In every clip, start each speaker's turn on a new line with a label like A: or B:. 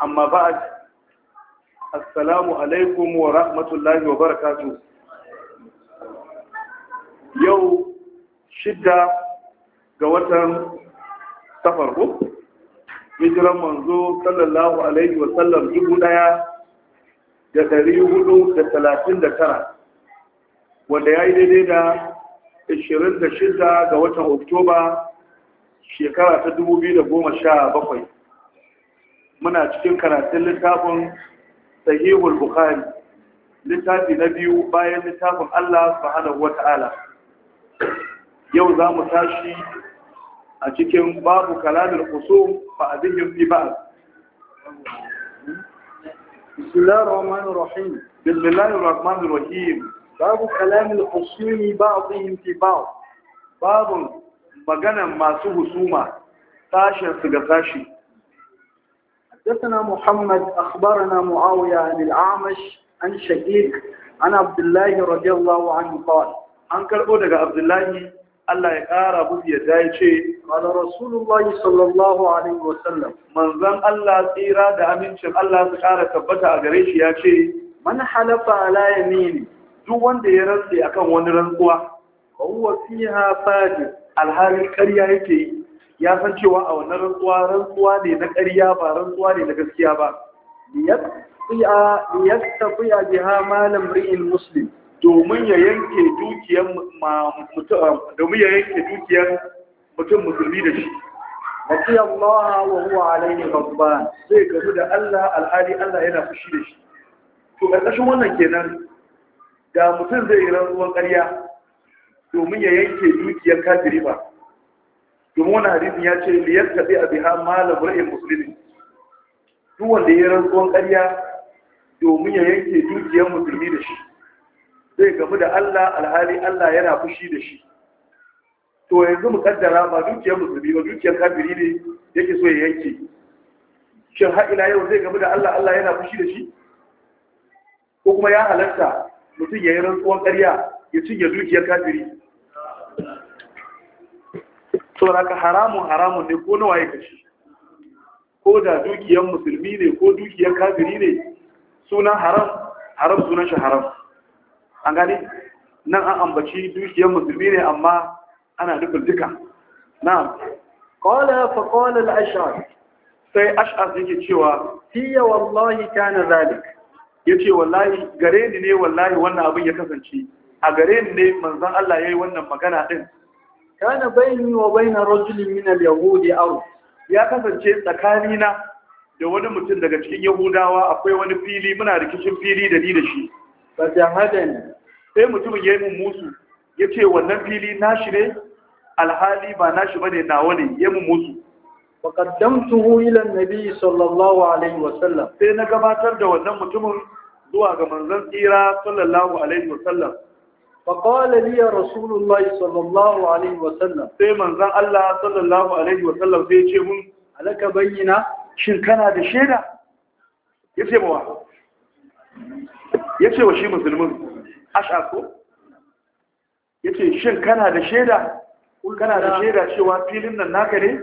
A: amma ba'ad assalamu alaikum wa rahmatullahi wa barakatu yau shidda ga watan safar hijiran manzo sallallahu alaihi wa sallam dubu daya da dari hudu da talatin da tara wanda ya yi daidai da ashirin da shidda ga watan oktoba shekara ta dubu biyu da goma sha bakwai muna cikin karatun littafin sahihul bukhari littafi na biyu bayan littafin Allah subhanahu wata'ala yau za mu tashi a cikin babu kalamin kusur ba a zihin fi ba bismillahir rahmanir rahim babu kalamin kusur ba a zihin
B: fi ba babun maganan masu husuma tashin
A: su ga tashi.
B: حدثنا محمد أخبرنا معاوية عن الأعمش عن شقيق عن عبد الله رضي الله عنه قال عن كربونة عبد الله الله يقار أبو يدايتي قال رسول الله صلى الله
A: عليه وسلم من ظن الله سيرا دامين شم الله سكارة تبتع أغريش ياتي من حلف على يمين دو وند يرسي أكا وند رنقوا وهو فيها فاجر الحال الكريا يكي ya san cewa a wannan rantsuwa
B: rantsuwa ne na ƙarya ba rantsuwa ne na gaskiya ba a jiha malam ri'in muslim
A: domin ya yanke dukiyar ah, domin ya yanke dukiyar mutum musulmi da shi Mafi Allah wa huwa alaihi babba. zai gamu da Allah alhali Allah yana fushi da shi. To ƙarƙashin wannan kenan da mutum zai yi rantsuwan ƙarya domin ya yanke dukiyar kafiri ba. domin wani ya ce liyar taɓi a biha malam ra'in musulmi duk wanda ya rantsuwan ƙarya domin ya yanke dukiyar musulmi da shi zai gamu da Allah alhali Allah yana fushi da shi to yanzu mu kaddara ba dukiyar musulmi ba dukiyar kafiri ne yake so ya yanke shin har ila yau zai gamu da Allah Allah yana fushi da shi ko kuma ya halarta mutum ya yi rantsuwan ƙarya ya cinye dukiyar kafiri saboda ka haramun haramun ne ko na waye kashi ko da dukiyar musulmi ne ko dukiyar kafiri ne sunan haram haram sunan shi haram an gani nan an ambaci dukiyar musulmi
B: ne amma ana nufin duka na'am qala fa qala al-ash'ar sai ash'ar yake cewa hiya wallahi kana zalik
A: yace wallahi gare ni ne wallahi wannan abin ya kasance a gare ni ne manzon Allah yayi wannan magana din kana bayani wa baina rajulin min al-yahudi aw ya kasance tsakanina da wani mutum daga cikin yahudawa akwai wani fili muna rikicin fili da ni da shi hada ne. sai mutumin yayi mun musu yace wannan fili nashi ne alhali ba nashi bane nawa ne yayi mun musu wa qaddamtuhu ila an-nabi sallallahu alaihi wa sallam sai na gabatar da wannan mutumin zuwa ga manzon tsira sallallahu alaihi wa sallam فقال لي رسول sallallahu alaihi الله sai manzan Allah sallallahu alaihi wasallam sai ce mun alaka bayyana shin kana da shaida ya ce wa shi musulmin ya ce shin kana da shaida kana da shaida cewa filin nan naka ne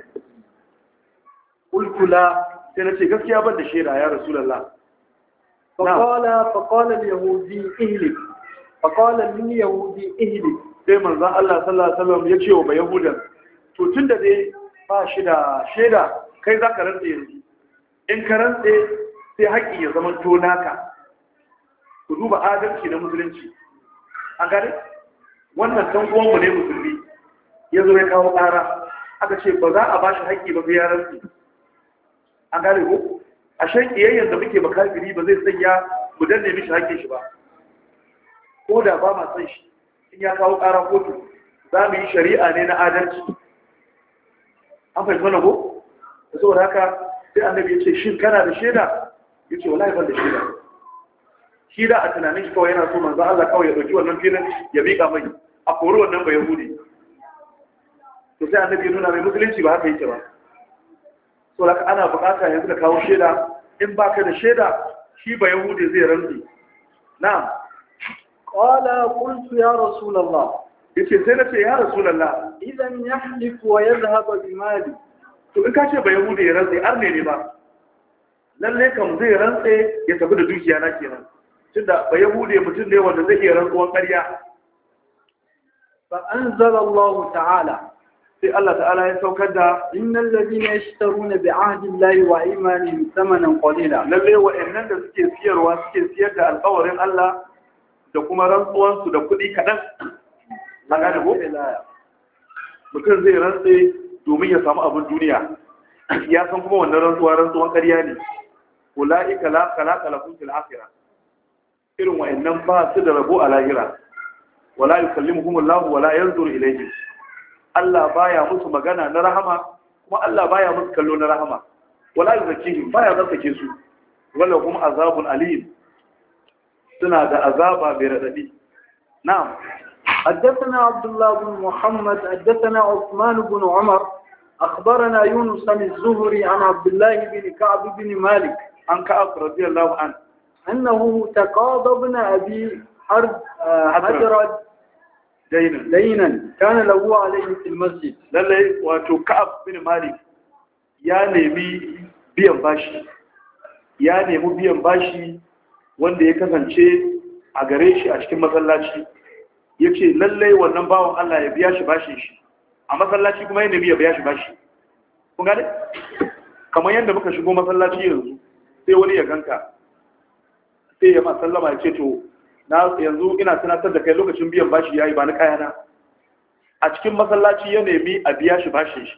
A: ulkula sai na ce gaskiya ban da shaida ya rasulallah
B: faƙwala faƙwala yahudi ihlik faƙalar min yahudi ihili sai manzan
A: Allah sallallahu ya ce wa ba yahudan to tun da dai ba shi da shaida kai za ka rantse yanzu in ka rantse sai haƙƙi ya zama to naka ku duba adalci na musulunci a gari wannan dan uwanmu ne musulmi ya zo ya kawo ƙara aka ce ba za a ba shi haƙƙi ba sai ya rantse a gari ko a shan ƙiyayyar da muke ba kafiri ba zai sanya mu danne mishi haƙƙin shi ba ko da ba ma san shi in ya kawo ƙarar kotu za mu yi shari'a ne na adalci an fahimta na ko da saboda haka sai annabi ya ce shin kana da shaida ya ce wala ban da shaida shi da a tunanin shi kawai yana so manzo Allah kawai ya dauki wannan filin ya miƙa mai a kori wannan ba yahudi to sai annabi ya nuna mai musulunci ba haka yake ba so haka ana bukata yanzu da kawo shaida in baka da shaida shi ba yahudi zai rantsi
B: na'am qala qultu ya rasulullah yace sai ce ya rasulullah idan yahliku wa yadhhabu bi mali to in ka ce ba
A: yahudi ya rantse arne ne ba lalle kam zai rantse ya tafi da dukiya na kenan tunda ba yahudi mutum ne wanda zai iya rantsuwan ƙarya
B: fa Allahu ta'ala sai Allah ta'ala ya saukar da shi ladina yashtaruna bi ahdillahi wa imanihim thamanan qalila
A: lalle wa'annan da suke siyarwa suke siyar da alƙawarin Allah da kuma rantsuwansu da kuɗi kaɗan a gane ko mutum zai rantse domin ya samu abin duniya ya san kuma wannan rantsuwa rantsuwan ƙarya ne ko la'ika khalaqa lakum fil akhirah irin wa'annan ba su da rabo a lahira wala kuma Allah wala zuru ilaihi Allah baya musu magana na rahama kuma Allah baya musu kallo na rahama wala ba ya zakake su wala kuma azabun alim suna da azaba bai radadi
B: na'am حدثنا عبد الله بن محمد حدثنا عثمان بن عمر أخبرنا يونس بن الزهري عن عبد الله بن كعب بن مالك عن كعب رضي الله عنه أنه تقاضى ابن أبي حرب آه، حجرد
A: دينا دينا كان
B: له عليه في المسجد لله واتو كعب بن مالك يا
A: نبي biyan bashi ya nemi biyan bashi wanda ya kasance a gare shi a cikin masallaci ya ce lallai wannan bawan Allah ya biya shi bashin shi a masallaci kuma yana biya biya shi bashi kun gane kamar yadda muka shigo masallaci yanzu sai wani ya ganka sai ya ma sallama ya ce to na yanzu ina tunatar da kai lokacin biyan bashi yi ba na kayana a cikin masallaci ya nemi a biya shi bashin shi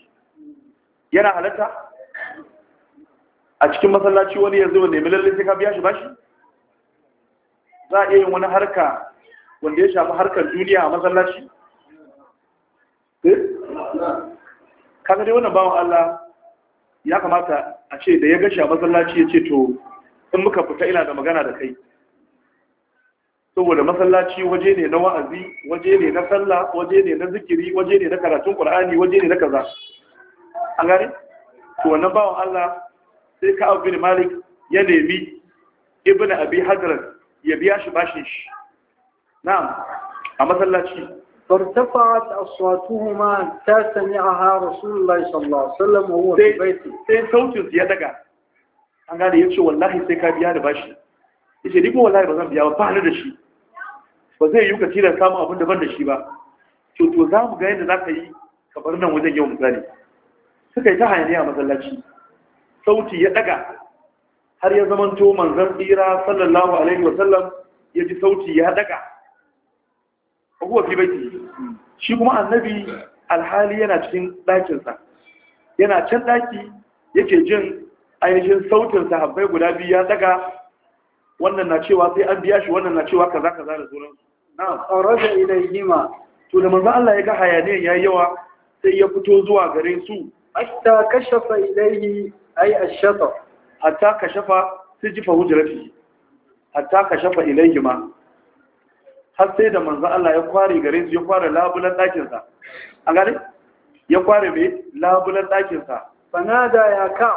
A: yana halatta a cikin masallaci wani yanzu ya nemi lallai sai ka biya shi bashi za a iya yin wani harka wanda ya shafi harkar duniya a masallaci eh? kaga dai wannan bawan Allah ya kamata a ce da ya gashi a masallaci ya ce to in muka fita ina da magana da kai saboda masallaci waje ne na wa'azi waje ne na sallah waje ne na zikiri waje ne na karatun ƙura'ani waje ne na kaza an gane to wannan bawan Allah sai ka abu bin malik ya nemi ibn abi hadrat ya biya shi bashin shi na'am a masallaci
B: fartafa'at aswatuhuma ta sami'aha rasulullahi sallallahu alaihi wasallam wa huwa
A: sai sautin ya daga
B: an gane yace wallahi sai ka biya da bashi yace ni ko
A: wallahi ba zan biya ba ba da shi ba zai yi kaci da samu abin daban da shi ba to to za mu ga yadda za ka yi ka bar nan wajen yau misali suka yi ta hanyar a masallaci sauti ya daga har ya zamanto manzon tsira sallallahu alaihi wasallam ya ji sauti ya daga huwa fi baiti shi kuma annabi alhali yana cikin ɗakinsa yana can ɗaki yake jin ainihin sautin sahabbai guda biyu ya daga wannan na cewa sai an biya shi wannan na cewa kaza kaza da sauransu na kharaja ilayhima to da manzo Allah ya ga hayaniyan yayi yawa sai ya fito zuwa gare su hatta kashafa ilayhi ay ash hatta kashafa sijifa hujrati hatta kashafa gima. har sai da manzan Allah ya kware gare su ya kware labulan ɗakinsa a gani ya kware mai labulan ɗakinsa sana da ya ka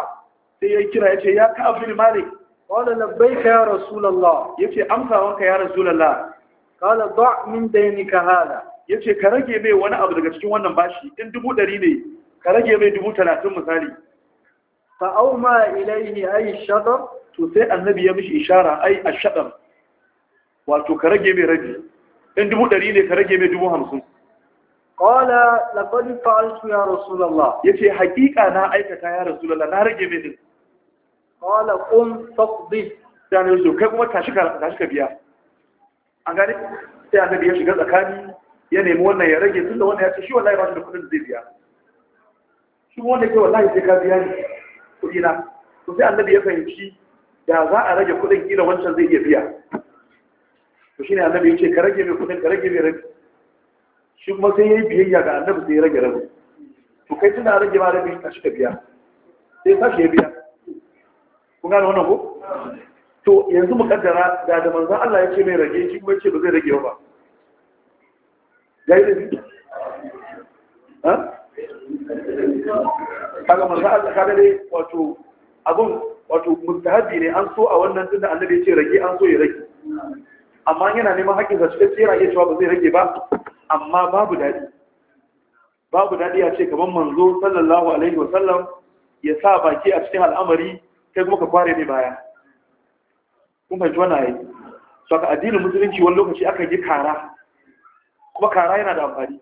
A: sai ya kira ya ce ya ka abdul malik qala ka ya Ya ce amsa wanka ya rasulullah qala da' min nika hada Ya ce ka rage mai wani abu daga cikin wannan bashi in dubu ɗari ne ka rage mai dubu talatin misali
B: fa auma ilaihi ay shadar to sai annabi ya mishi ishara ai a ashadar
A: wato ka rage mai rabi in dubu ɗari ne ka rage mai dubu hamsin qala laqad fa'altu ya rasulullah yace haƙiƙa na aikata ya rasulullah na rage mai din qala qum faqdi sai annabi so kai kuma tashi ka biya an gane sai annabi ya shiga tsakani ya nemi wannan ya rage tunda wannan ya ce shi wallahi ba shi da kuɗin da zai biya shi wanda ke wallahi sai ka biya ne kudina to sai annabi ya fahimci da za a rage kuɗin kila wancan zai iya biya to shine annabi ya ce ka rage mai kuɗin ka rage mai rage shi kuma sai ya yi biyayya ga annabi sai ya rage rabu to kai tuna rage ma rabi ka shiga biya sai ka ya biya kun gane wannan ko to yanzu mu kaddara da da manzon Allah ya ce mai rage shi kuma ya ce ba zai rage ba yi da ha kaga manzo Allah kaga dai wato abun wato mustahabi ne an so a wannan tunda annabi ya ce rage an so ya rage amma yana neman haƙƙin sa cikin tsira ya cewa ba zai rage ba amma babu dadi babu dadi ya ce kaman manzo sallallahu alaihi wasallam ya sa baki a cikin al'amari kai kuma ka kware ne baya kun fahimci wannan ayi so ka addinin musulunci wani lokaci aka yi kara kuma kara yana da amfani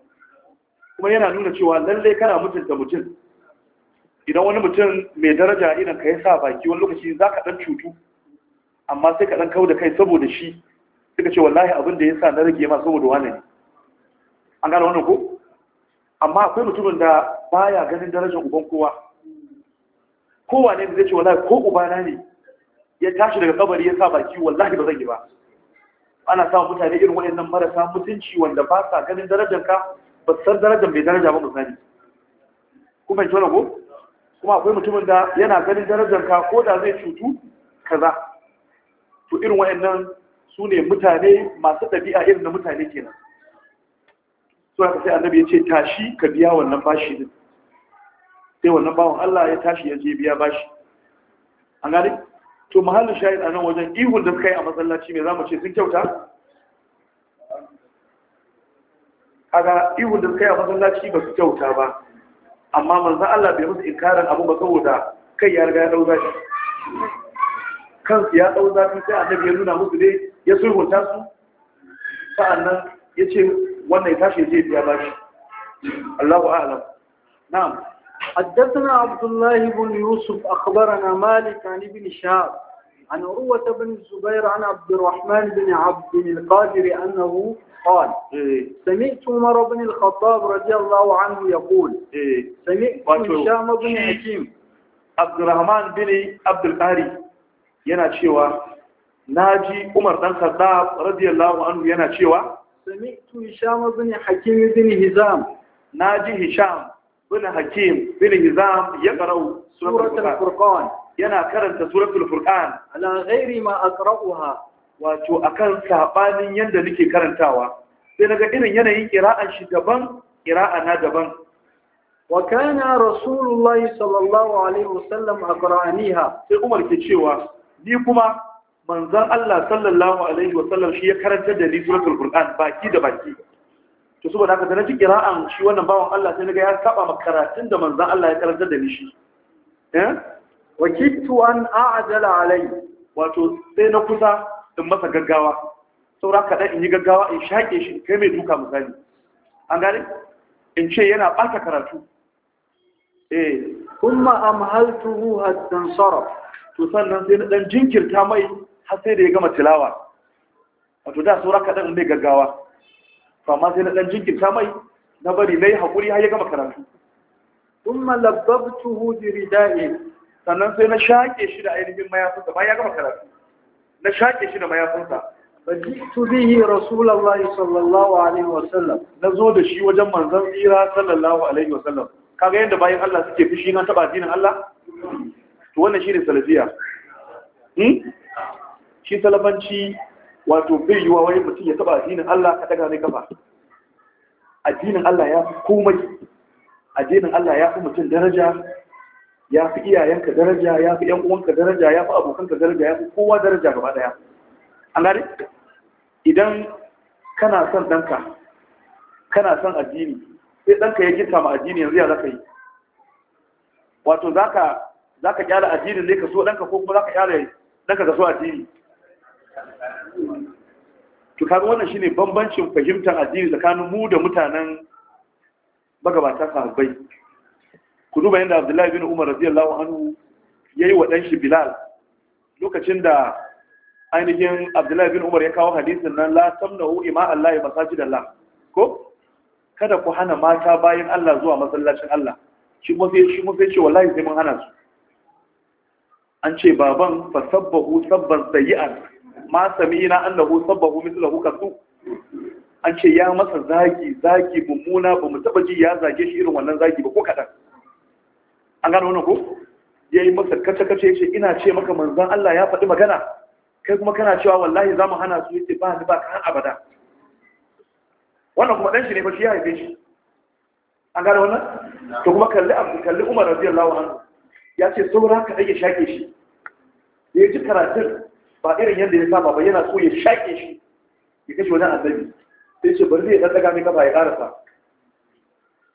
A: kuma yana nuna cewa lallai kana mutunta mutum idan wani mutum mai daraja idan ka yi sa baki wani lokaci za ka ɗan cutu amma sai ka ɗan kau da kai saboda shi suka ce wallahi abin da ya sa na rage ma saboda wani ne an gane wannan ko amma akwai mutumin da baya ganin darajar uban kowa kowa ne zai ce wallahi ko ubana ne ya tashi daga kabari ya sa baki wallahi ba zan yi ba ana samun mutane irin waɗannan marasa mutunci wanda ba sa ganin darajar ka ba san darajar mai daraja ba misali kuma in tona ko kuma akwai mutumin da yana ganin darajar ka ko da zai cutu kaza to irin nan su ne mutane masu ɗabi'a irin na mutane kenan so haka sai annabi ya ce tashi ka biya wannan bashi din sai wannan bawan Allah ya tashi ya je biya bashi an gani to mahallin shahid a nan wajen ihun da suka yi a masallaci mai zamu ce sun kyauta kaga ihun da suka yi a masallaci ba su kyauta ba amma manzan Allah bai musu inkarin abu ba saboda kai ya riga ya dau zafi kansu ya dau zafi sai annabi ya nuna musu dai ya sulhunta su sa'annan ya ce wannan ya tashi zai biya bashi Allahu a'lam
B: na'am حدثنا عبد الله بن يوسف أخبرنا مالك عن ابن شهاب عن عروة بن الزبير عن عبد الرحمن بن عبد القادر أنه قال سمعت عمر بن الخطاب رضي الله عنه يقول سمعت هشام
A: بن حكيم عبد الرحمن بن عبد القاري yana cewa naji Umar dan Khattab radiyallahu anhu yana cewa
B: sami'tu Hisham ibn Hakim ibn Hizam
A: naji Hisham ibn Hakim ibn Hizam ya qara'u suratul Furqan yana karanta suratul Furqan ala ghairi ma aqra'uha wato akan sabanin yanda nake karantawa sai naga irin yanayin qira'an shi daban
B: qira'a na daban wa kana rasulullahi sallallahu alaihi wasallam aqra'aniha sai Umar ke cewa ni kuma manzon Allah sallallahu
A: alaihi wasallam shi ya karanta da ni suratul qur'an baki da baki to saboda haka da na ji shi wannan bawan Allah sai naga ya saba ma karatun da manzon Allah ya karanta da ni shi eh wakittu an a'jala alai wato sai na kusa in masa gaggawa saura kaɗan in yi gaggawa in shaƙe shi kai mai duka misali an gane in ce yana ɓata karatu eh
B: kuma amhaltuhu
A: a sarf to sannan sai na dan jinkirta mai har sai da ya gama tilawa wato da saura kaɗan in mai gaggawa to amma sai na dan jinkirta mai na bari nayi hakuri har ya gama karatu kuma
B: labbabtuhu bi ridai
A: sannan sai na shaƙe shi da ainihin mayafi gaba ya gama karatu na shaƙe shi da mayafinsa fajitu bihi rasulullahi sallallahu alaihi wasallam na zo da shi wajen manzon tsira sallallahu alaihi wasallam kaga yadda bayan Allah suke fushi na taba dinin Allah to wannan shi ne salafiya hmm shi salafanci wato bai yiwa wani mutum ya taba addinin Allah ka daga mai kafa addinin Allah ya fi komai addinin Allah ya fi mutum daraja ya fi iyayenka daraja ya fi yan uwanka daraja ya fi abokanka daraja ya fi kowa daraja gaba daya an gari idan kana son danka kana son addini sai danka ya girka ma addini yanzu ya zaka yi wato zaka zaka kyala addini ne ka so danka ko kuma zaka kyala danka ka so addini to kaga wannan shine bambancin fahimtar addini tsakanin mu da mutanen bagabata sahabbai ku duba yadda abdullahi bin umar radiyallahu anhu ya yi wa shi bilal lokacin da ainihin abdullahi bin umar ya kawo hadisin nan la samnahu ima allahi masajidallah ko kada ku hana mata bayan Allah zuwa masallacin Allah shi mafi shi mafi ce wallahi sai mun hana su an ce baban fa sabbahu sabban sayyi'an ma sami'na annahu sabbahu mithlahu kasu an ce ya masa zagi zagi mummuna ba mu taba ji ya zage shi irin wannan zagi ba ko kadan an gano wannan ko ya yi masa kace-kace ce ina ce maka manzan Allah ya faɗi magana kai kuma kana cewa wallahi za mu hana su yi ba ni ba kan abada wannan kuma ɗan shi ne ba shi ya haife shi an gano wannan to kuma kalli abu kalli umar radiyallahu anhu ya ce saura ka ɗage shaƙe shi ya ji karatun ba irin yadda ya saba ba yana so ya shaƙe shi ya kashe wani annabi sai ce bari zai ɗan ɗaga mai kafa ya ƙarasa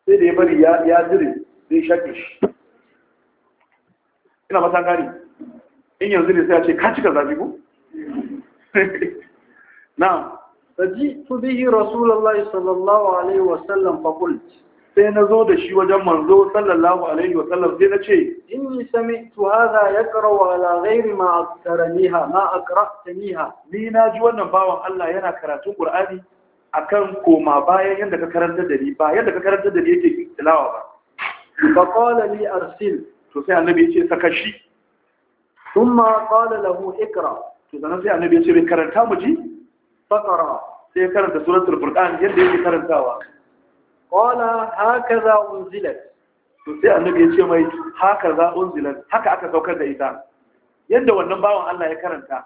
A: sai da ya bari ya jire zai shaƙe shi ina mata gari in yanzu ne sai a ce ka cika zafi ko
B: na saji tu bihi rasulullahi sallallahu alaihi wa sallam fa qult sai na zo da shi wajen manzo sallallahu alaihi wa sallam sai na ce In inni sami'tu hadha yaqra wa ala ghairi ma aqtaraniha ma aqra'taniha ni na ji wannan
A: bawan Allah yana karatu Qur'ani akan koma bayan yadda ka karanta da ni ba yadda ka karanta da ni yake tilawa ba fa qala li arsil to sai annabi ya ce saka shi thumma kala lahu ikra to dan sai annabi ya ce bai karanta mu ji faqara sai karanta suratul furqan yadda yake karantawa
B: qala za unzilat to sai annabi ya ce
A: mai hakaza unzilat haka aka saukar da ita
B: yadda wannan bawan Allah ya karanta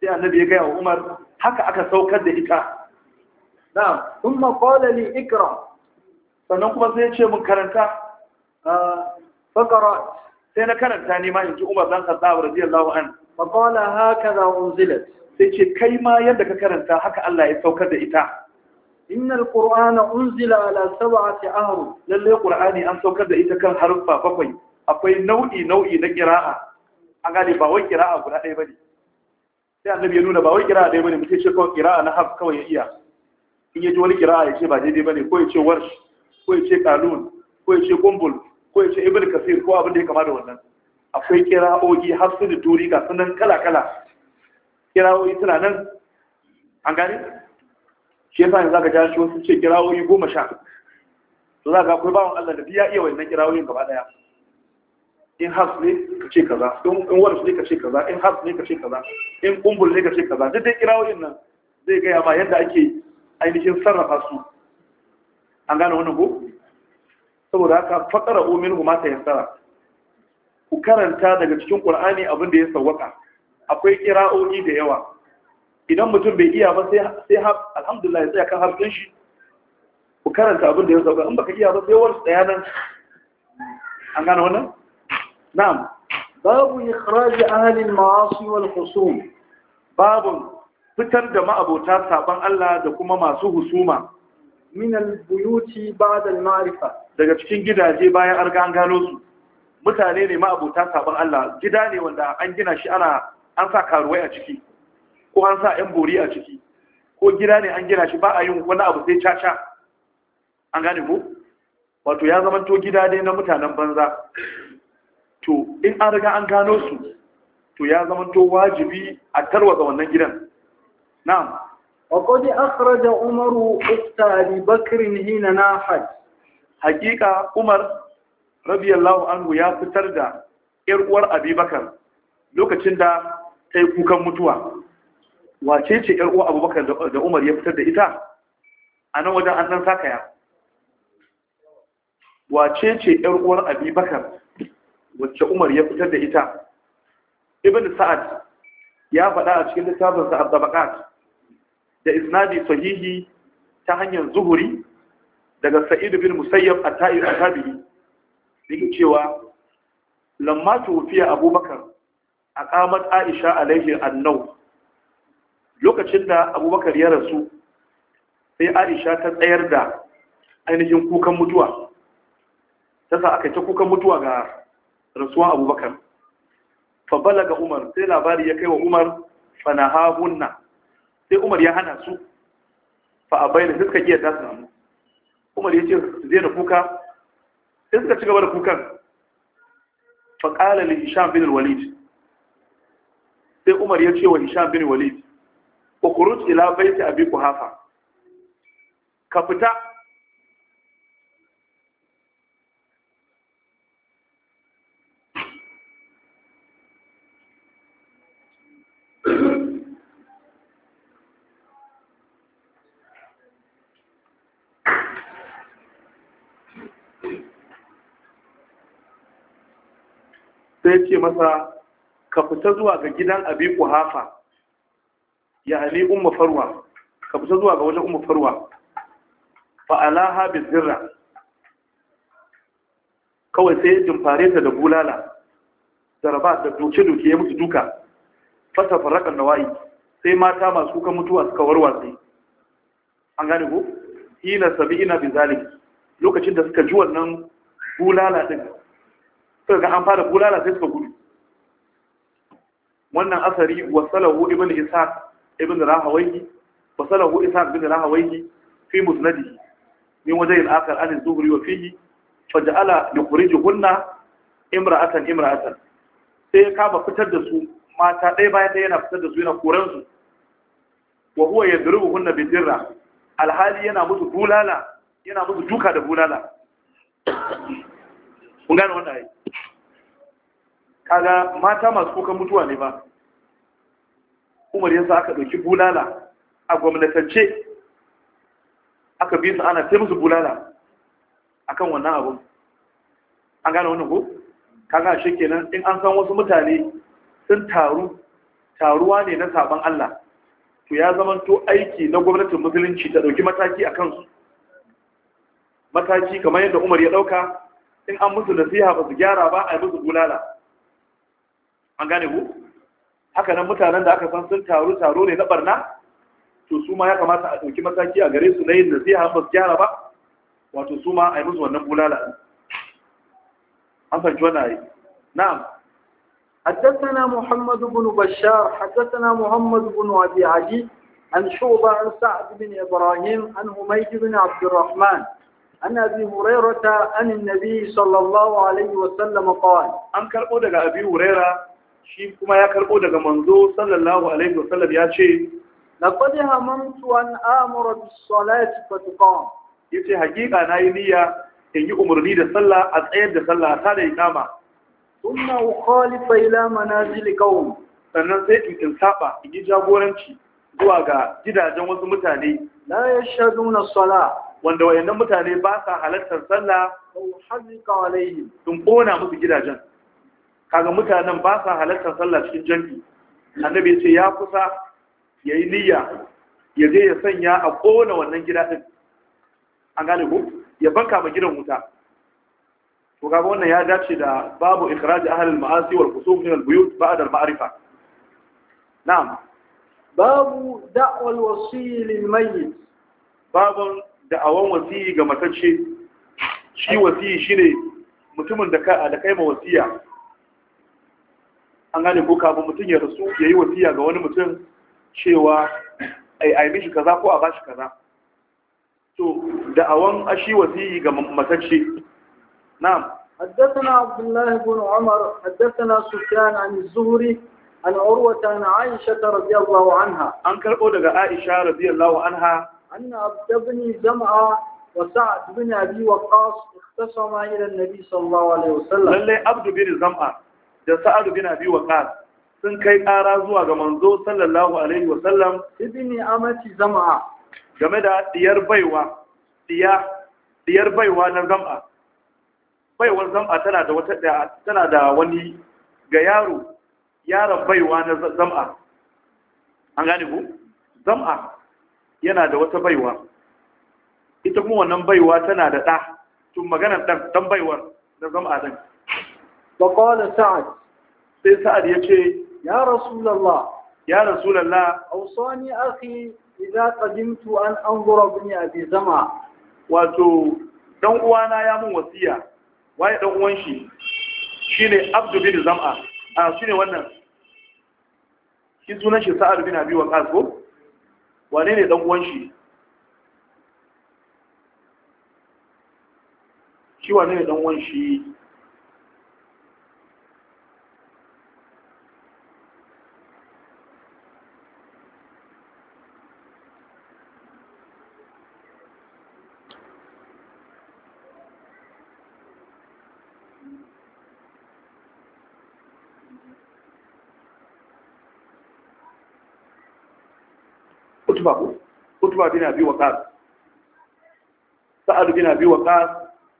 B: sai annabi ya gaya wa Umar
A: haka aka saukar da ita na'am thumma qala li ikra sannan kuma sai ya ce mun karanta ah, فقرأ سينا كانت ثاني ما ينجي أمر بن خطاب رضي الله عنه فقال هكذا أنزلت سيكي كيما يدك كانت حكا الله يسوكد إتاه
B: إن القرآن أنزل على سبعة
A: أهر للي قرآني أن سوكد كان حرفا فقوي أقوي نوئي نوئي نقراء أقالي باوي قراءة قراءة بني سيئا annabi ya باوي ba دي بني dai شكو mutum ce كوي إيا إن يجوالي kawai ya iya in ya ji ورش كوي ya كالون كوي daidai bane ko ya ce ibn kasir ko abin da ya kama da wannan akwai kira'o'i har su da turi ga sunan kala-kala kira'o'i suna nan an gani? shi yasa yanzu zaka jashi wasu ce kira'o'i goma sha to za ka akwai bawon Allah da biya iya wannan kira'o'in gaba daya in has ne ka ce kaza in wars ne ka ce kaza in has ne ka ce kaza in kumbul ne ka ce kaza duk dai kira'o'in nan zai gaya ma yadda ake ainihin sarrafa su an gane wannan ko saboda haka faƙara omin huma ta yassara ku karanta daga cikin ƙur'ani abin da ya sawwaka akwai ƙira'o'i da yawa idan mutum bai iya ba sai alhamdulillah ya tsaya kan harfin shi ku karanta abin da ya sawwaka
B: in baka iya ba sai wani tsaya nan an gane wannan na'am babu ikhraji ahli al-ma'asi wal khusum babu fitar
A: da ma'abota saban Allah da kuma masu husuma min al-buyuti
B: ba'da al-ma'rifa
A: daga cikin gidaje bayan an an gano su mutane ne ma'abuta sabon Allah gida ne wanda an gina shi ana an sa karuwai a ciki ko an sa yan bori a ciki ko gida ne an gina shi ba a yin wani abu sai caca an gane ko wato ya zama to gida dai na mutanen banza to in an riga an gano su to ya zama to wajibi a tarwatsa wannan gidan na'am وقد أخرج
B: عمر أخت أبي بكر هنا
A: ناحت hakika umar radiyallahu anhu ya fitar da ƴar uwar abubakar lokacin da ta yi kukan mutuwa wace ce ƴar uwar abubakar da umar ya fitar da ita a nan wajen an sakaya wace ce ƴar uwar abubakar wacce umar ya fitar da ita ibn sa'ad ya faɗa a cikin littafinsa abdabaqat da isnadi sahihi ta hanyar zuhuri daga Sa'idu bin musayyab a taib yake cewa lamma tufiya abubakar a aqamat aisha alaihi Annau. lokacin da abubakar ya rasu sai aisha ta tsayar da ainihin kukan mutuwa ta sa aka ta kukan mutuwa ga rasuwan abubakar fa balaga umar sai labari ya kai wa umar fanahabunna sai umar ya hana su fa da suka iya dasa umar ya ce zai da kuka sai suka ci gaba da kukan faƙala li hisham bin walid sai umar ya ce wa hisham bin walid ukhruj ila baiti abi hafa? ka fita ce masa ka fita zuwa ga gidan abi kuhafa ya hali umma farwa ka fita zuwa ga wajen umma farwa fa'alaha bizirra kawai sai jimfare ta da bulala zaraba da doke-doke ya mutu duka fata farakan nawa'i sai mata masu kuka mutuwa suka warwatsi an gane ku, hina sabi ina bizalik lokacin da suka ji wannan bulala din suka ga an fara bulala sai suka gudu wannan asari wasalahu ibn isaq ibn rahawayhi wasalahu isaq ibn rahawayhi fi musnadihi min wajhi al-akhar an az-zuhri wa fihi faj'ala yukhrijuhunna imra'atan imra'atan sai ya kaba fitar da su mata ɗaya bayan ɗaya yana fitar da su yana koran su wa huwa yadribuhunna bi dirra alhali yana musu bulala yana musu duka da bulala kun gane wannan ayi kaga mata masu kukan mutuwa ne ba umar yanzu aka ɗauki bulala a gwamnatance aka bi su ana sai musu bulala akan wannan abun an gane wannan ko kaga shi kenan in an san wasu mutane sun taru taruwa ne na saban Allah to ya to aiki na gwamnatin musulunci ta ɗauki mataki a kansu mataki kamar yadda Umar ya ɗauka, in an musu nasiha ba su gyara ba a yi musu bulala an gane ku haka nan mutanen da aka san sun taru taro ne na barna to su ma ya kamata a ɗauki mataki a gare su na yin nasiha ba su gyara ba wato su ma a yi musu wannan bulala an fahimci wannan ayi na'am
B: حدثنا محمد بن بشار حدثنا محمد بن أبي عدي عن شعبة عن سعد بن إبراهيم عن هميد بن عبد الرحمن عن أبي هريرة عن النبي صلى الله عليه وسلم قال أنكر أدق أبي
A: shi kuma ya karbo daga manzo sallallahu alaihi wasallam ya ce
B: laqad hamantu an amura bis salati tuqam
A: yace hakika nayi niyya in yi umarni da sallah a tsayar da sallah ta da ikama
B: thumma ukhalifa
A: ila manazil qawm sannan sai in in saba in yi jagoranci zuwa ga gidajen wasu mutane la yashaduna salah wanda wayannan mutane ba sa halartar sallah sun hazika alaihim sun kona musu gidajen kaga mutanen ba sa halartar sallah cikin jami'i annabi ce ya kusa ya yi niyya ya je ya sanya a kona wannan gida din an gane ko ya banka ma gidan wuta to kaga wannan ya dace da babu ikhraj ahli al-ma'asi wal qusum min al-buyut ba'da al-ma'rifa na'am babu da'wa al-wasiy lil-mayyit babun da'awan wasi ga matacce shi wasi shine mutumin da ka da kai ma wasiya an gane ko kafin mutum ya rasu ya yi wasiya ga wani mutum cewa a yi mishi kaza ko a bashi kaza to da'awan ashi wasiyi ga matacce
B: na'am حدثنا عبد الله بن عمر حدثنا سفيان عن الزهري عن عروة عن عائشة رضي الله عنها عن كربو دغا عائشة رضي الله عنها أن عبد بن جمعة وسعد بن أبي وقاص اختصما إلى النبي صلى الله عليه وسلم للي عبد بن جمعة da sa'adu
A: bin abi ƙas sun kai ƙara zuwa ga manzo sallallahu alaihi wasallam ibni amati zam'a game da diyar baiwa diya diyar baiwa na zam'a baiwar zam'a tana da wata tana da wani ga yaro yaron baiwa na zam'a an gane ku zam'a yana da wata baiwa ita kuma wannan baiwa tana da ɗa tun maganar ɗan baiwar na zam'a ɗan فقال سعد
B: سيد سعد يشي يا رسول الله يا رسول الله أوصاني أخي إذا قدمت أن أنظر ابني أبي زمع واتو دون وانا يا من وصية واي دون وانشي شيني
A: عبد بن زمع آه شيني وانا shi sunan سعد sa'ad أبي abi waqas ko wane ne dan uwan shi shi ne dan uwan utuba bin abi waqas sa'ad bin abi waqas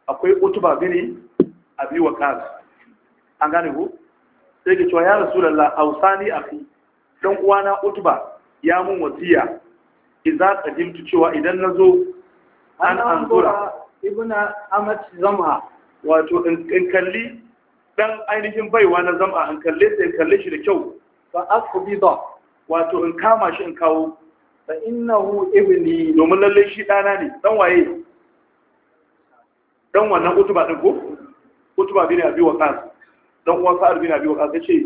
A: akwai utuba bin abi waqas an gane ku sai ke cewa ya rasulullah ausani akhi dan uwana utuba ya mun wasiya idza qadimtu cewa idan nazo an anzura ibna amat zama wato in kalli dan ainihin baiwa na zama in kalle sai in kalle shi da kyau fa asbida wato in kama shi in kawo fa innahu ibni domin lalle shi dana ne dan waye dan wannan utuba din ko utuba bin abi waqas dan uwan sa'ad bin abi ya yace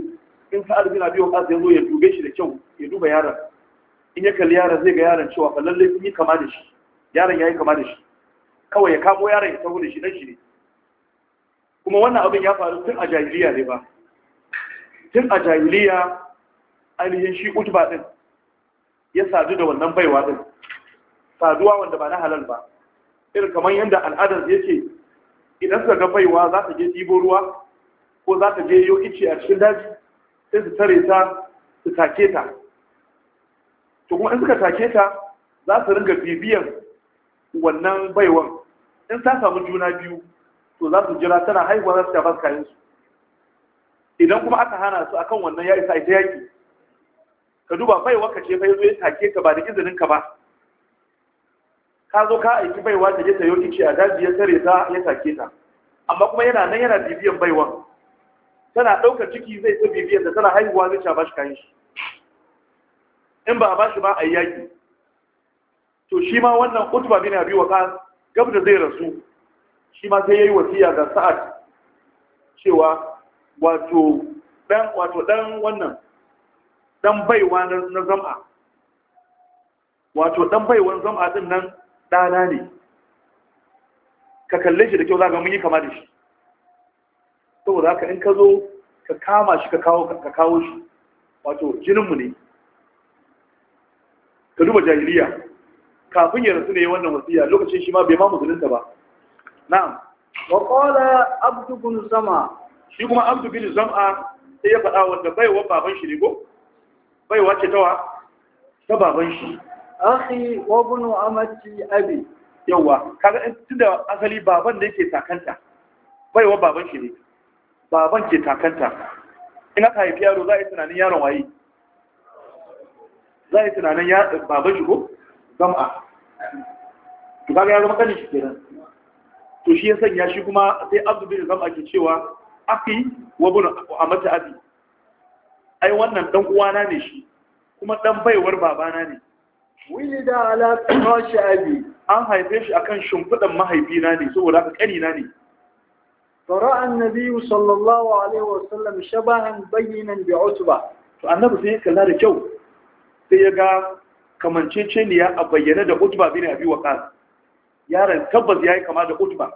A: in sa'ad bin abi waqas yazo ya dube shi da kyau ya duba yaron in ya kalli yaron zai ga yaron cewa fa lalle sun yi kama da shi yaron yayi kama da shi kawai ya kamo yaron ya taho da shi dan shi ne kuma wannan abin ya faru tun a jahiliya ne ba tun a jahiliya ainihin shi utuba din ya sadu da wannan baiwa din saduwa wanda ba na halal ba irin kamar yadda al'adar yake idan suka ga baiwa za ta je ɗibo ruwa ko za ta je yo ice a cikin daji sai su tare ta su take ta to kuma in suka take ta za su ringa bibiyan wannan baiwan in ta samu juna biyu to za su jira tana haihuwa za su ta kayan su idan kuma aka hana su akan wannan ya isa ita yaki ka duba baiwa ka ce bai zo ya take ka ba da izinin ka ba ka zo ka aiki baiwa ta je ta kici a daji ya tare ta ya take ta amma kuma yana nan yana bibiyan baiwa tana ɗaukar ciki zai ta bibiyan da tana haihuwa zai ca bashi kayan shi in ba a bashi ba a yi yaƙi to shi ma wannan utuba bin abi wa gab da zai rasu shi ma sai yayi wasiya ga sa'ad cewa wato dan wato dan wannan dan baiwa na zam'a wato dan baiwan zam'a din nan dana ne ka kalle shi da kyau zaka mun yi kama da shi saboda haka in ka zo ka kama shi ka kawo ka kawo shi wato jinin mu ne ka duba jahiliya kafin ya rasu ne wannan wasiya lokacin shi ma bai ma musulunta ba
B: na'am wa qala abdu bin zama
A: shi kuma abdu bin zama sai ya faɗa wanda bai wa baban shi ne ko bai wace tawa
B: ta baban shi akhi wa bunu amati abi yawa kaga tunda asali baban
A: da yake takanta bai wa baban shi ne baban ke takanta in aka haifi yaro za a yi tunanin yaron waye za a yi tunanin baban shi ko zama to kaga ya zama kanin shi kenan to shi ya sanya shi kuma sai abdu bin zama ke cewa akhi wa bunu amati abi ai wannan dan uwana ne shi kuma dan baiwar babana ne wili da ala tsawashi abi an haife shi akan shimfidan mahaifina ne saboda kani na ne
B: fara annabi sallallahu alaihi wasallam shabahan bayyinan bi utba to annabi sai ya kalla da kyau sai ya ga
A: kamanceceniya a bayyana da utba bin abi waqas yaron tabbas yayi kama da utba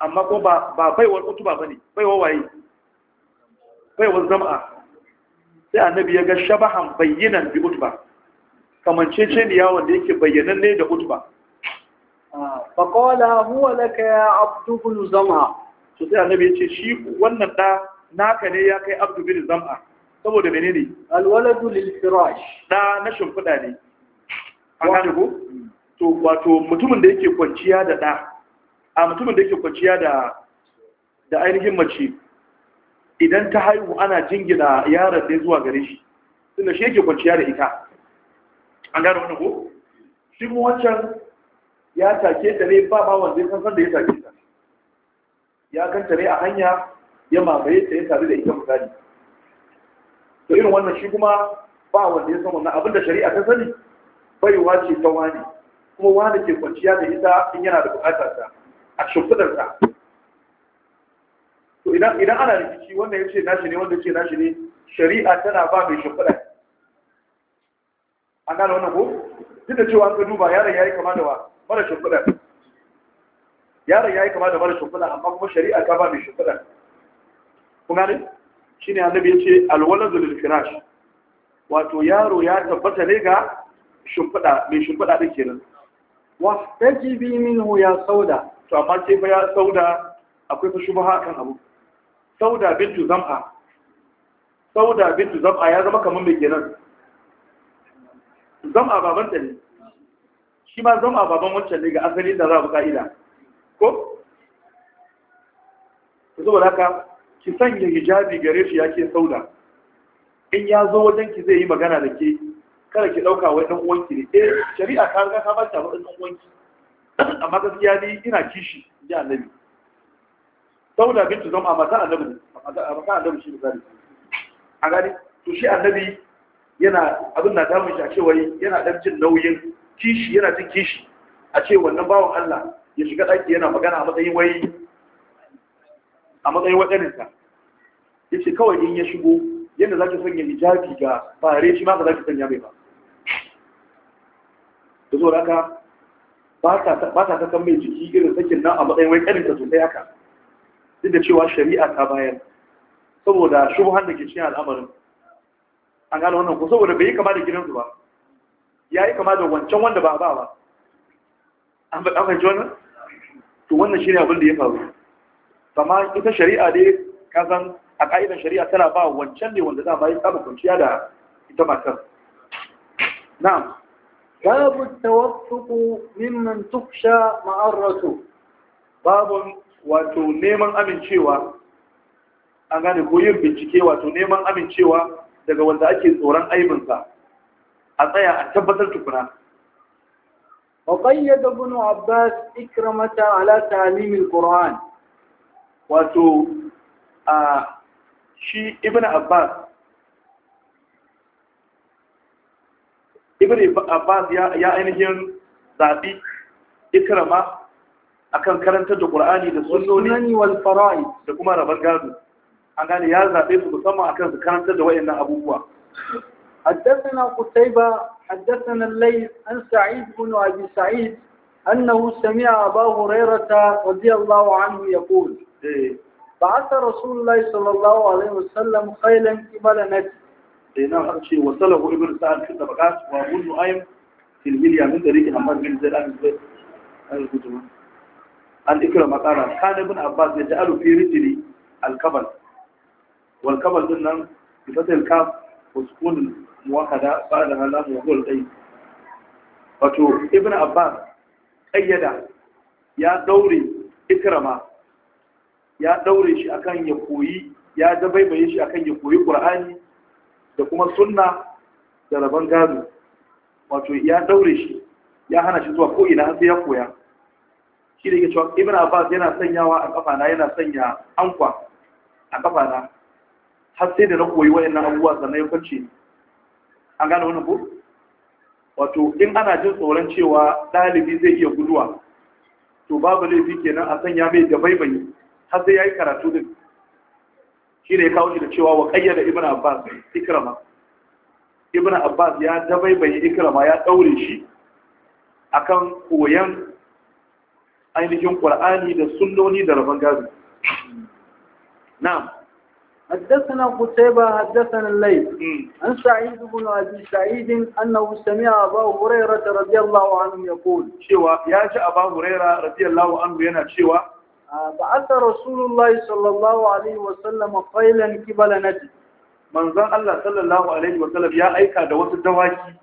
A: amma ko ba ba baiwar utba bane baiwar waye baiwar zama'a sai annabi ya ga shabahan bayyanan bi utba yawon da yake bayyananne da utba
B: faƙola huwa laka ya
A: abdu bin zama to sai annabi ya ce shi wannan da naka ne ya kai abdu bin zama saboda mene ne alwaladu lil firash da na shimfiɗa ne an gane ko to wato mutumin da yake kwanciya da da a mutumin da yake kwanciya da da ainihin mace idan ta haihu ana jingina yaron ne zuwa gare shi tunda shi yake kwanciya da ita an gane wani ko shi mu wancan ya take ta ne ba ma wanda san san da ya take ta ya kanta ne a hanya ya mamaye ta ya tare da ita misali to irin wannan shi kuma ba wanda ya san wannan abin da shari'a ta sani baiwa ce ta wani kuma wani ke kwanciya da ita in yana da bukatar ta a shimfidar ta idan ana rikici wanda ya ce nashi ne wanda ya ce nashi ne shari'a tana ba mai shimfiɗa an gane wannan ko duk da cewa an ka duba yaron ya yi kama da mara shimfiɗa yaron ya yi kama da mara shimfiɗa amma kuma shari'a ta ba mai shimfiɗa kun gane shi ne annabi ya ce alwalar lil firash wato yaro ya tabbata ne ga shimfiɗa mai shimfiɗa ɗin kenan wastajibi minhu ya sauda to amma sai fa ya sauda akwai fa ba haka abu sauda bintu zam'a sauda bintu zam'a ya zama kamar mai kenan zam'a baban ta ne shi ma zam'a baban wancan ne ga asali da za mu ila ko saboda haka ki sanya hijabi gare shi yake sauda in ya zo wajen ki zai yi magana da ke kada ki ɗauka wai ɗan uwanki ne eh shari'a ka ga ka ba ta ɗan uwanki amma gaskiya ni ina kishi ya annabi bin bintu zama matan annabi a matan annabi shi misali a gani to shi annabi yana abin na damun shi a cewa yana dan jin nauyin kishi yana cin kishi a ce wannan bawan Allah ya shiga ɗaki yana magana a matsayin wai a matsayin waɗaninsa ya ce kawai in ya shigo yadda za ki sanya hijabi ga fare shi ma ba za ki sanya mai ba da zo raka ba ta ta mai jiki irin sakin nan a matsayin wai ƙarinta sosai haka duk da cewa shari'a ta bayar saboda shubuhan da ke cikin al'amarin an gano wannan ko saboda bai yi kama da gidansu ba ya yi kama da wancan wanda ba ba ba an ba fahimci wannan to wannan shi ne abin da ya faru amma ita shari'a dai ka san a ƙa'idar shari'a tana ba wancan ne wanda za a yi samun kwanciya da ita matar
B: na'am babu tawaffuku mimman tuksha ma'arratu babu.
A: wato neman amincewa an gane goyon bincike wato neman amincewa daga wanda ake tsoron aibinsa a tsaya a tabbatar tukuna.
B: Wakayyar da bunu Abbas ikramata ala talimin Quran. Wato, a shi Ibn Abbas,
A: Ibn Abbas ya ainihin zaɓi ikrama akan karantar da Qur'ani da sunnoni sunani fara'i da kuma rabar gado an gane ya zabe su musamman akan su karantar da wayannan abubuwa
B: haddathana qutayba haddathana al-layth an sa'id ibn abi sa'id annahu sami'a aba hurairata radiyallahu anhu yaqul eh. ba'atha rasulullahi sallallahu alaihi wasallam khaylan qibala nat dinan eh, akce wasalahu ibn sa'id fi tabaqat wa ibn ayyim
A: fil milya min tariqi hamad bin zaid al-zaid al-kutubah an ikira matsara kane bin abbas ya ja'alu fi rijli alkabal walkabal din nan ifatil ka kaf wa sukun muwakkada ba'da halam wa qul dai wato ibn abbas ƙayyada ya daure ikrama ya daure shi akan ya koyi ya dabaibaye shi akan ya koyi qur'ani da kuma sunna da rabon gado wato ya daure shi ya hana shi zuwa ko ina har sai ya koya shi da ke cewa ibn abbas yana sanyawa a kafa na yana sanya ankwa a kafa na har sai da na koyi wayannan abubuwa sannan ya kwance an gane wannan ko wato in ana jin tsoron cewa ɗalibi zai iya guduwa to babu laifi kenan a sanya mai da baibayi har sai yayi karatu din shi da ya kawo shi da cewa wa da ibn abbas ikrama ibn abbas ya dabaibayi ikrama ya daure shi akan koyan ainihin ƙul'ani da sulloni da rabon gari
B: na'am haddasana ku sai ba haddasanin lai an sa'id ibn abi sa'idin annahu sami'a ba hurayra radiyallahu anhu yaqul
A: cewa ya ji aba hurayra radiyallahu anhu yana cewa
B: ba'atha rasulullahi sallallahu alaihi wa sallam qailan qibala najd
A: manzon allah sallallahu alaihi wa sallam ya aika da wasu dawaki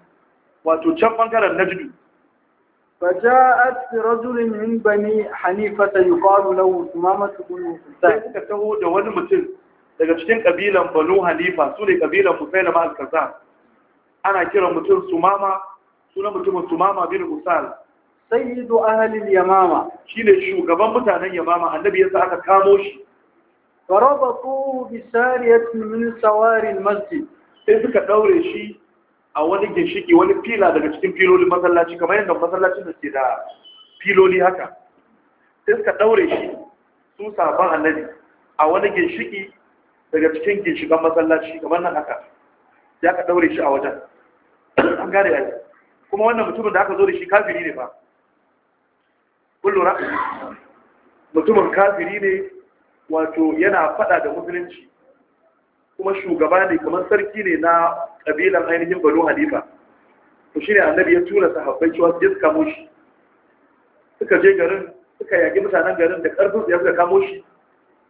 A: wato can bangaren
B: najd فجاءت برجل من بني حنيفة يقال له ثمامة بن حسين suka taho da wani mutum daga cikin kabilan Banu
A: Hanifa su ne kabilan Musailama al ana kiran mutum Sumama sunan mutumin Sumama bin Usal sayyidu ahli al-Yamama shine shugaban mutanen Yamama annabi yasa aka kamo shi
B: farabatu bi sariyatin min sawari
A: al-masjid sai suka daure shi a wani ginshiki wani fila daga cikin filolin masallaci kamar yadda masallacin da ke da filoli haka sai suka daure shi su sabon annabi a wani ginshiki daga cikin ginshikan masallaci kamar nan haka ya ka daure shi a wajen an gane yi. kuma wannan mutumin da aka zo da shi kafiri ne fa kullura mutumin kafiri ne wato yana fada da musulunci kuma shugaba ne kamar sarki ne na kabilan ainihin banu halifa to shine annabi ya tura sahabbai cewa su je su kamo shi suka je garin suka yaƙi mutanen garin da ƙarfin su ya suka kamo shi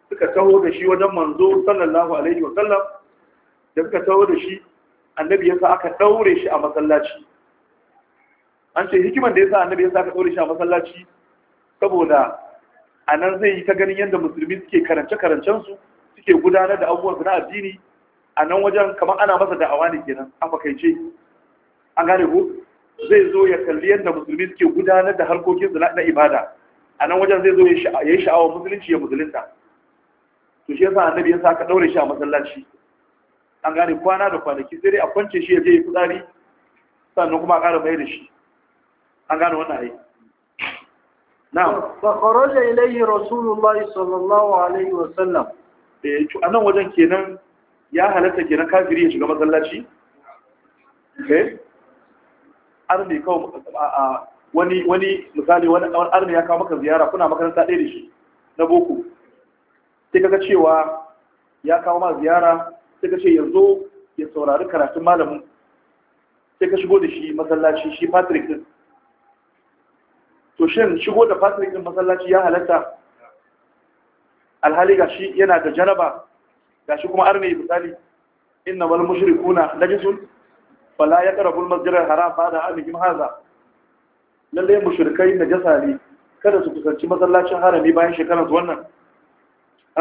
A: suka taho da shi wajen manzo sallallahu alaihi wa sallam da suka taho da shi annabi ya sa aka daure shi a masallaci an ce hikiman da ya sa annabi ya sa aka daure shi a masallaci saboda a nan zai yi ta ganin yadda musulmi suke karance-karancensu suke gudanar da abubuwan na addini a nan wajen kamar ana masa da'awa ne kenan a makaice an gane ko zai zo ya kalli yadda musulmi suke gudanar da harkokin su na ibada a nan wajen zai zo ya yi sha'awar musulunci ya musulunta to shi yasa annabi ya sa ka daure shi a masallaci an gane kwana da kwanaki sai dai a kwance shi ya je ya fitsari sannan kuma a ƙara mai da shi
B: an gane wannan ai na'am fa kharaja ilayhi rasulullahi sallallahu alaihi wa sallam Eh, a to anan wajen kenan ya halatta
A: kenan kafiri ya shiga masallaci eh arni kawai a wani wani misali wani arni ya kawo maka ziyara kuna makaranta ɗaya da shi na boko sai kaga cewa ya kawo ma ziyara sai ka ce yanzu ya saurari karatun malamin sai ka shigo da shi masallaci shi Patrick din to shin shigo da Patrick din masallaci ya halatta alhali ga shi yana da janaba ga shi kuma arne misali inna wal mushrikuna najisun fala yaqrabu al masjid al haram ba'da amihim hada lalle mushrikai najasa ne kada su kusanci masallacin harami bayan shekarar wannan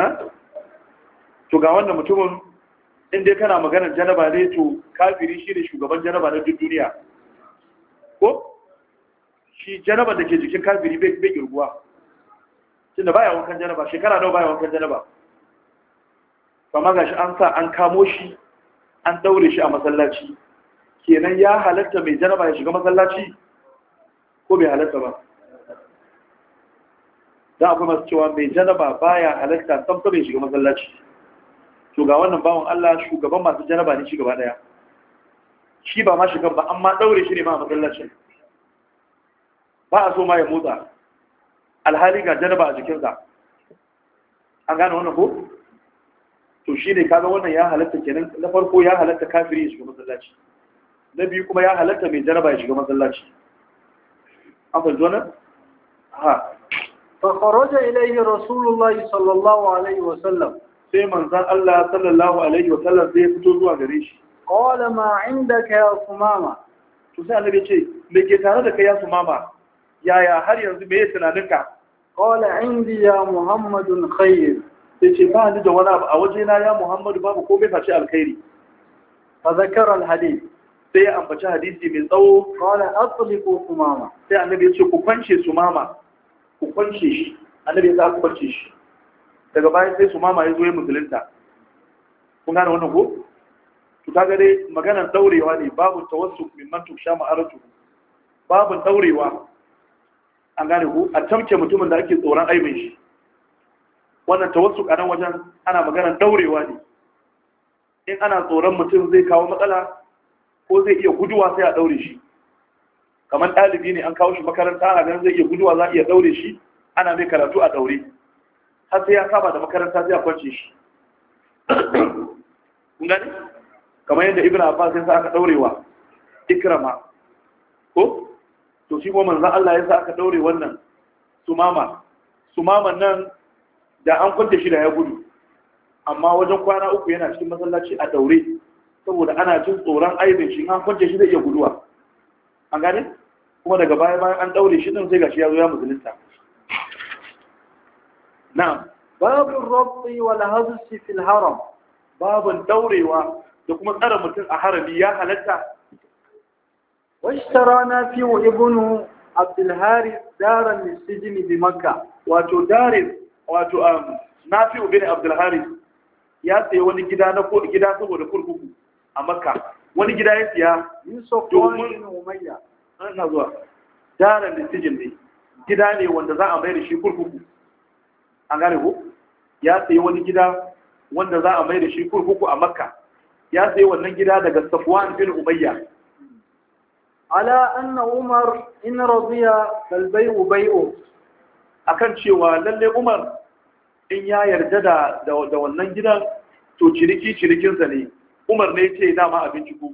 A: ha to ga wannan mutumin in dai kana maganar janaba ne to kafiri shi ne shugaban janaba na duk duniya ko shi janaba da ke jikin kafiri bai girguwa tunda baya wankan janaba shekara nawa baya wankan janaba Ba ma gashi an sa an kamo shi an daure shi a masallaci kenan ya halatta mai janaba ya shiga masallaci ko bai halatta ba da akwai masu cewa mai janaba baya halatta samsa bai shiga masallaci to ga wannan bawon Allah shugaban masu janaba ne shi gaba daya shi ba ma shigan ba amma daure shi ne ma a masallacin ba a so ma ya motsa alhali ga jaraba a jikinsa an gane wannan ko to shi ne kaga wannan ya halatta kenan na farko ya halatta kafiri ya shiga masallaci na biyu kuma ya halatta mai jaraba ya shiga masallaci an fahimci wannan ha
B: fa kharaja ilayhi rasulullahi sallallahu alaihi wa sallam sai manzon Allah sallallahu alaihi wa sallam zai fito zuwa gare shi qala ma indaka ya sumama to sai annabi ce me ke tare da kai ya sumama yaya har yanzu me tunaninka qala indi ya
A: muhammadun khair ce ba ni da wani abu a waje na ya muhammadu babu komai face alkhairi fa zakara alhadith sai ya ambaci hadisi mai tsawo qala atliqu sumama sai annabi ya ce ku kwance sumama ku kwance shi annabi ya ku kwance shi daga bayan sai sumama ya zo ya musulunta kun gane wannan ko to kaga dai maganar daurewa ne babu tawassu min man tusha ma'aratu babu daurewa an gane ku a tamke mutumin da ake tsoron aibin shi wannan tawassu kanan wajen ana magana daurewa ne in ana tsoron mutum zai kawo matsala ko zai iya guduwa sai a daure shi kamar ɗalibi ne an kawo shi makaranta a ganin zai iya guduwa za a iya daure shi ana mai karatu a daure har sai ya saba da makaranta sai a kwance shi kun gani kamar yadda ibn abbas sai aka daurewa ikrama ko to shi kuma za Allah ya sa aka daure wannan sumama sumaman nan da an kwanta shi da ya gudu amma wajen kwana uku yana cikin masallaci a daure saboda ana cin tsoron aibin shi an kwanta shi zai iya guduwa an gane kuma daga baya bayan an daure shi din sai gashi ya zo ya musulunta na'am babu rabbi wal hazsi fil haram babin daurewa da kuma tsara mutum a harami ya halatta
B: washtara nafi'u ibnu abdul haris daran lisjini bi makka wato daris
A: wato um, nafi'u bin abdul haris ya sayi wani gida saboda kurkuku a makka wani gida ya siya domin umayya ana zuwa daran lisjini ne gida ne wanda za a mai da shi kurkuku ya sayi wani gida wanda za a mai da shi kurkuku a makka ya sayi wannan gida daga safwan
B: bin umayya على أن عمر إن رضي فالبيع بيع akan cewa lalle Umar
A: in ya yarda da da wannan gidan to ciniki cinikinsa ne Umar ne yace dama abinci ku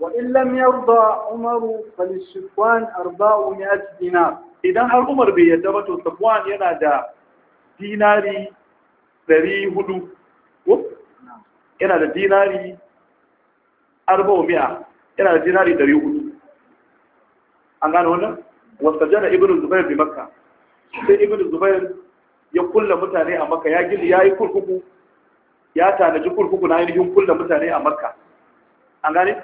B: wa in lam yarda Umar falisufwan 400 dinar idan har Umar bai yarda ba to Safwan yana da
A: dinari 400 yana da dinari 400 yana da dinari 400 an gano wannan da ibn zubair bi makka sai ibn zubair ya kulla mutane a makka ya gili ya yi kurkuku ya tanaji kurkuku na ainihin kulla mutane a makka an gane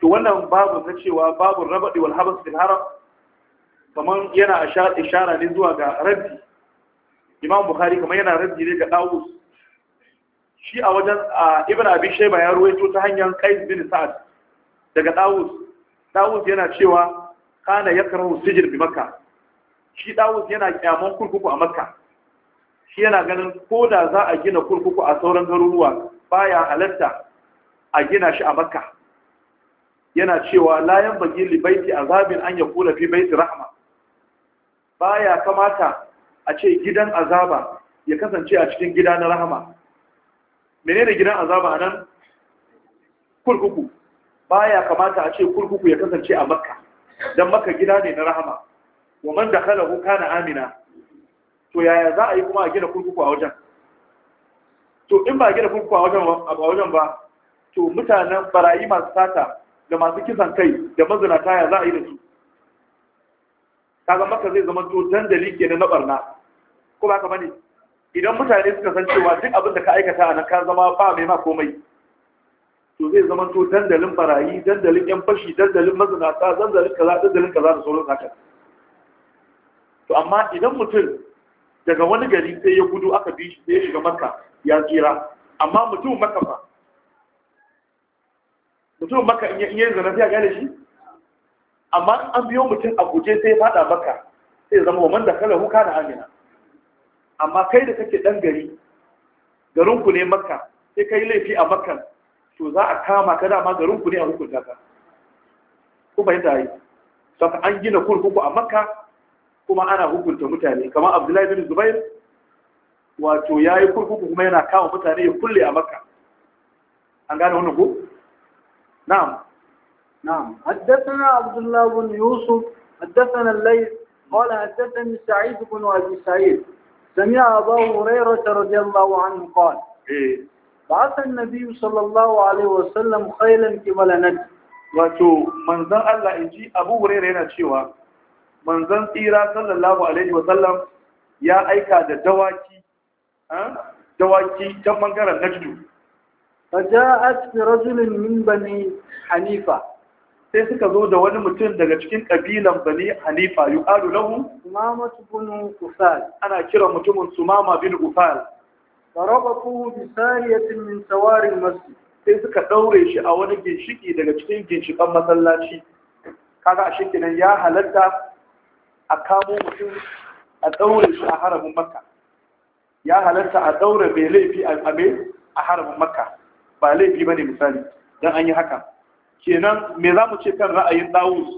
A: to wannan babu na cewa babu rabadi wal habas fil haram Kamar yana ishara ne zuwa ga rabbi imam bukhari kamar yana rabbi ne ga dawus shi a wajen ibn abi shayba ya ruwaito ta hanyar qais bin sa'ad daga dawus dawus yana cewa kana yakrahu sijil bi makka shi dawus yana kyaman kurkuku a makka shi yana ganin ko da za a gina kurkuku a sauran garuruwa baya halatta a gina shi a makka yana cewa layan bagi libaiti azabin an ya kula fi baiti rahama baya kamata a ce gidan azaba ya kasance a cikin gida na menene gidan azaba nan kurkuku baya kamata a ce kurkuku ya kasance a makka don makka gida ne na rahama wa man da kalahu kana amina to yaya za a yi kuma a gina kurkuku a wajen to in ba a gina kurkuku a wajen ba to mutanen barayi masu sata da masu kisan kai da mazinata ya za a yi da su kaga maka zai zama to dandali kenan na barna ko ba ka bane idan mutane suka san cewa duk abin da ka aikata a nan ka zama ba mai ma komai to zai zama to dandalin barayi dandalin yan fashi dandalin mazinata dandalin kaza dandalin kaza da sauran haka to amma idan mutum daga wani gari sai ya gudu aka bi shi sai ya shiga makka ya tsira amma mutum makka ba mutum makka in yi zana sai ya gane shi amma an biyo mutum a guje sai ya fada makka sai zama wa man da kala huka da amina amma kai da kake dan gari garinku ne makka sai kai laifi a makkan to za a kama ka dama garin ku ne a hukunta ka ku fahimta yi saka an gina kurkuku a makka kuma ana hukunta mutane kamar abdullahi bin zubair wato ya yi kurkuku kuma yana kama mutane ya kulle a makka an gane wannan ko na'am
B: نعم حدثنا عبد الله بن يوسف حدثنا الليث قال حدثني سعيد بن ابي سعيد سمع ابا هريره رضي الله عنه قال بعث النبي صلى الله عليه وسلم خيلا wato manzon Allah inji Abu Hurairah
A: yana cewa manzon tsira sallallahu alaihi ya aika da
B: dawaki dawaki ta bangaren Najd faja'at bi rajulin min bani Hanifa sai suka zo da wani mutum daga cikin kabilan bani
A: Hanifa yu'alu lahu Sumama
B: bin Ufal
A: ana kiran mutumin Sumama bin Ufal فربطوه بسارية من سوار المسجد sai suka ɗaure shi a wani ginshiki daga cikin ginshikan masallaci kaga a shekinan ya halatta a kamo mutum a daure shi a haramin makka ya halatta a ɗaure mai laifi a ame a haramin makka ba laifi ba ne misali don an yi haka kenan me za mu ce kan ra'ayin dawus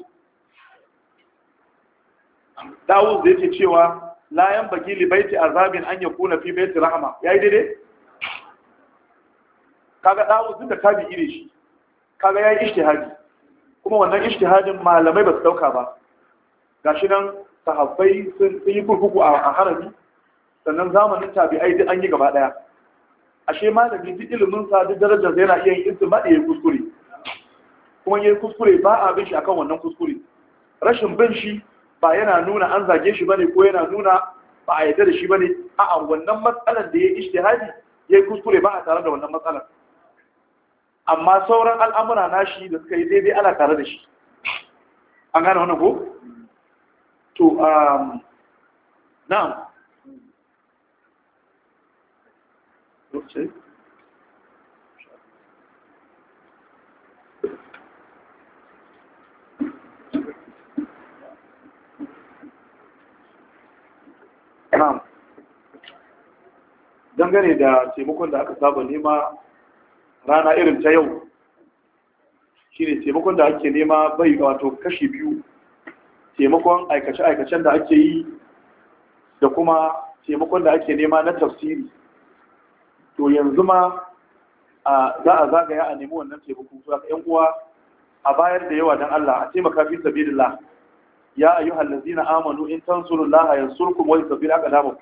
A: dawus da yake cewa la yan baki li baiti azabin an yakuna fi baiti rahma yayi daidai kaga dawo tunda tabi'i ne shi kaga yayi ijtihadi kuma wannan ijtihadin malamai ba su dauka ba gashi nan sahabbai sun yi kurkuku a harami sannan zamanin tabi'ai duk an yi gaba daya ashe malami duk ilimin sa duk darajar yana iya yin istima da yayi kuskure kuma yayi kuskure ba a bin shi akan wannan kuskure rashin bin shi ba yana nuna an zage shi bane ko yana nuna ba a yarda da shi bane a'a wannan matsalar da ya ishtihadi ya kuskure ba a tare da wannan matsalar amma sauran al'amura na shi da suka yi daidai ana tare da shi an gane wani ko to um na'am na'am dangane da taimakon da aka saba nema rana irin ta yau Shi ne taimakon da ake nema bai wato kashi biyu taimakon aikace-aikacen da ake yi da kuma taimakon da ake nema na tafsiri to yanzu ma za a zagaya a nemi wannan taimakon su yan uwa a bayar da yawa don Allah a taimaka fi sabilillah ya ayyuhal ladzina amanu in tansurullaha yansurkum wa yuthabbit aqdamakum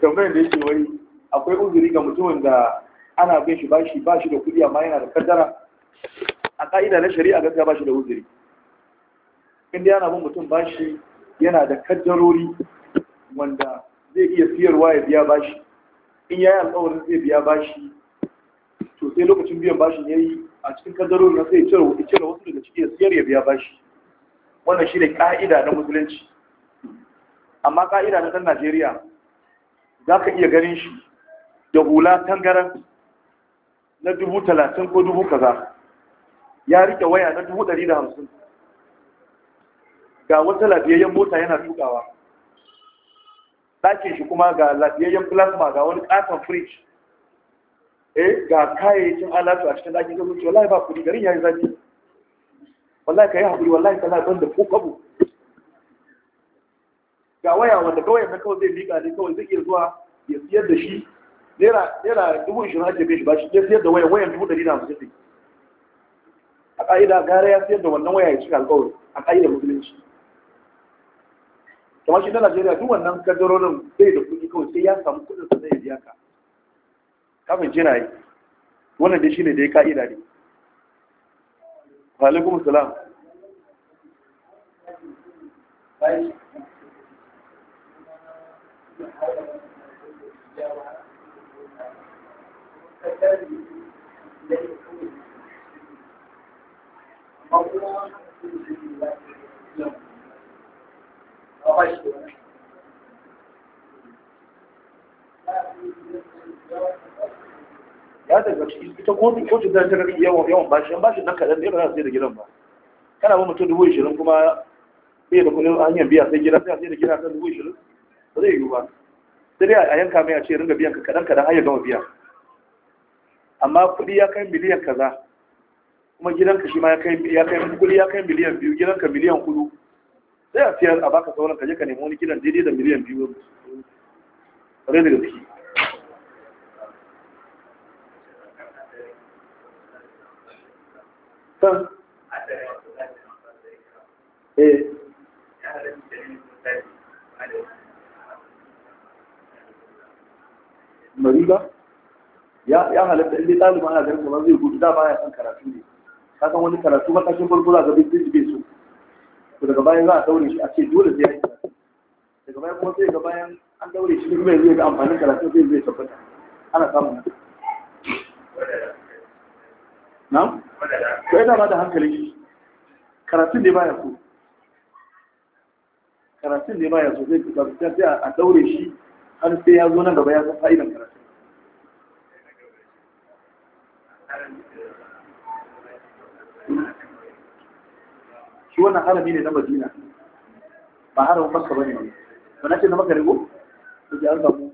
A: tambayar da yake wai akwai uzuri ga mutumin da ana bin shi bashi ba shi da kudi amma yana da kaddara a ka'ida na shari'a gaskiya ba shi da uzuri inda yana bin mutum bashi yana da kaddarori wanda zai iya siyarwa ya biya bashi in yayi alƙawarin zai biya bashi to sai lokacin biyan ne yayi a cikin kaddarori na sai ya cire wasu daga cikin siyar ya biya bashi wannan shi ne ka'ida na musulunci amma ka'ida na ɗan Najeriya za ka iya ganin shi da hula tangaran na dubu talatin ko dubu kaza ya rike waya na dubu ɗari da hamsin ga wata lafiyayyen mota yana tukawa ɗakin shi kuma ga lafiyayyen plasma ga wani ƙaton fridge eh ga kayayyakin alatu a cikin ɗakin gaba wallahi ba kuɗi garin ya yi zafi wallahi ka yi haƙuri wallahi ka na ban da ko kabo ga waya wanda kawai na kawai zai miƙa ne kawai zai iya zuwa ya siyar da shi naira dubu shi na bai shi ba shi ya siyar da wayan wayan dubu ɗari na musulunci a ƙa'ida gara ya siyar da wannan waya ya cika alƙawari a ƙa'idar musulunci kamar shi na najeriya duk wannan kadarorin bai da kuɗi kawai sai ya samu kuɗin sa zai biya ka kafin jina yi wannan dai shine da ya ka'ida ne alaikum salam ya daga ita ko kotu da daga yawan yawan bashi yan bashi nan kadan ne ba za su je da gidan ba kana ba mutum dubu ishirin kuma bai da kudin hanyar biya sai gida sai a je da gida kan dubu ishirin ba zai yiwu ba sai a yanka mai a ce ringa biyan ka kadan-kadan har ya gama biya amma kuɗi ya kai miliyan kaza kuma gidanka shi ma ya kai ya kai kuɗi ya kai miliyan biyu gidanka miliyan hudu sai a siyar a baka sauran ka je ka nemi wani gidan daidai da miliyan biyu rai da gaske san eh ya halatta inda ɗalibin ana garin kamar zai gudu da baya son karatu ne ka wani karatu makashin farko za ka bi duk bai so to daga bayan za a daure shi a ce dole sai ya yi
B: karatu daga bayan kuma sai ga bayan an daure shi kuma mai zai ga amfanin karatu
A: zai zai tabbata ana samun na? ko yana ba da hankali shi karatun ne baya so karatun ne baya so zai fita sai a daure shi har sai ya zo nan gaba ya san fa'idan karatu shi wannan harami ne na madina ba haramin makka ba ne ba na ce na maka rigo da ke an samu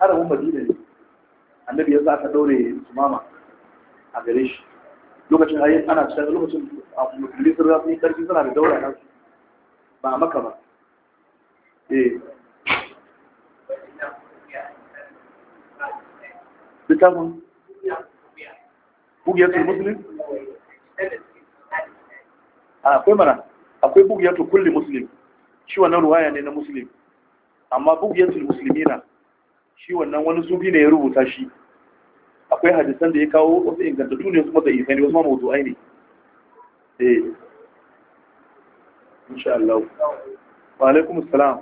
A: haramin madina ne annabi yanzu daure ɗaure sumama a gare shi lokacin ayi ana cikin lokacin musulmi sun rasu yi suna da daura na su ba a maka ba eh littafin kugiyar musulmi akwai mana akwai bugiyatu kulli muslim shi wannan ruwaya ne na muslim amma bugiyatul muslimina shi wannan wani zubi ne ya rubuta shi akwai hadisan da ya kawo wasu ingantattu ne kuma da isa ne wasu mamu zuwa ne eh insha Allah wa alaikum assalam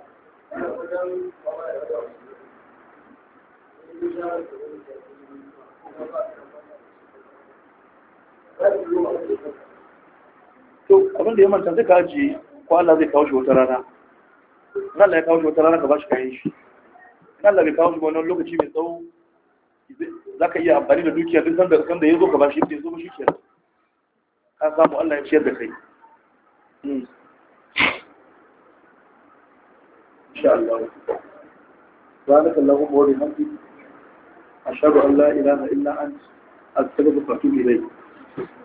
A: Thank you. to abin da ya manta zai kaji ko Allah zai kawo shi wata rana in Allah ya kawo shi wata rana ka ba shi kayan shi in Allah bai kawo shi wani lokaci mai tsawo za ka iya amfani da dukiya duk sanda da ya zo ka ba shi ya zo ba shi ke ka samu Allah ya ciyar da kai hmm. insha Allah سبحانك اللهم وبحمدك أشهد أن لا إله إلا أنت أستغفرك وأتوب إليك